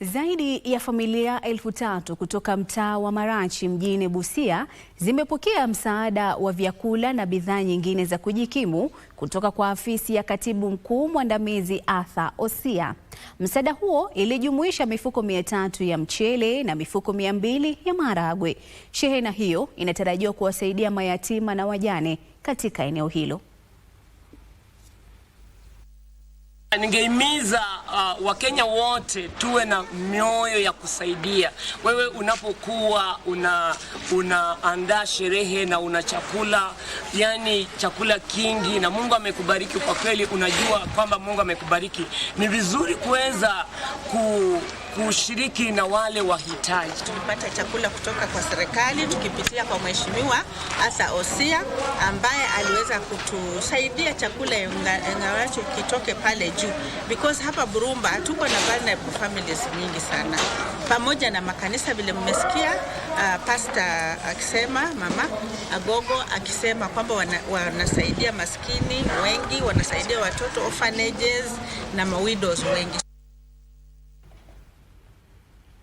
Zaidi ya familia elfu tatu kutoka mtaa wa Marachi mjini Busia zimepokea msaada wa vyakula na bidhaa nyingine za kujikimu kutoka kwa afisi ya Katibu Mkuu Mwandamizi Arthur Osia. Msaada huo ilijumuisha mifuko mia tatu ya mchele na mifuko mia mbili ya maharagwe. Shehena hiyo inatarajiwa kuwasaidia mayatima na wajane katika eneo hilo. Ningehimiza uh, Wakenya wote tuwe na mioyo ya kusaidia. Wewe unapokuwa una unaandaa sherehe na una chakula, yani chakula kingi, na Mungu amekubariki kwa kweli, unajua kwamba Mungu amekubariki, ni vizuri kuweza ku kushiriki na wale wahitaji. Tumepata chakula kutoka kwa serikali tukipitia kwa Mheshimiwa Asa Osia ambaye aliweza kutusaidia chakula ingawacho kitoke pale juu, because hapa Burumba tuko na vulnerable families nyingi sana, pamoja na makanisa vile mmesikia uh, pasta akisema mama Agogo akisema kwamba wana, wanasaidia maskini wengi, wanasaidia watoto orphanages na mawidows wengi.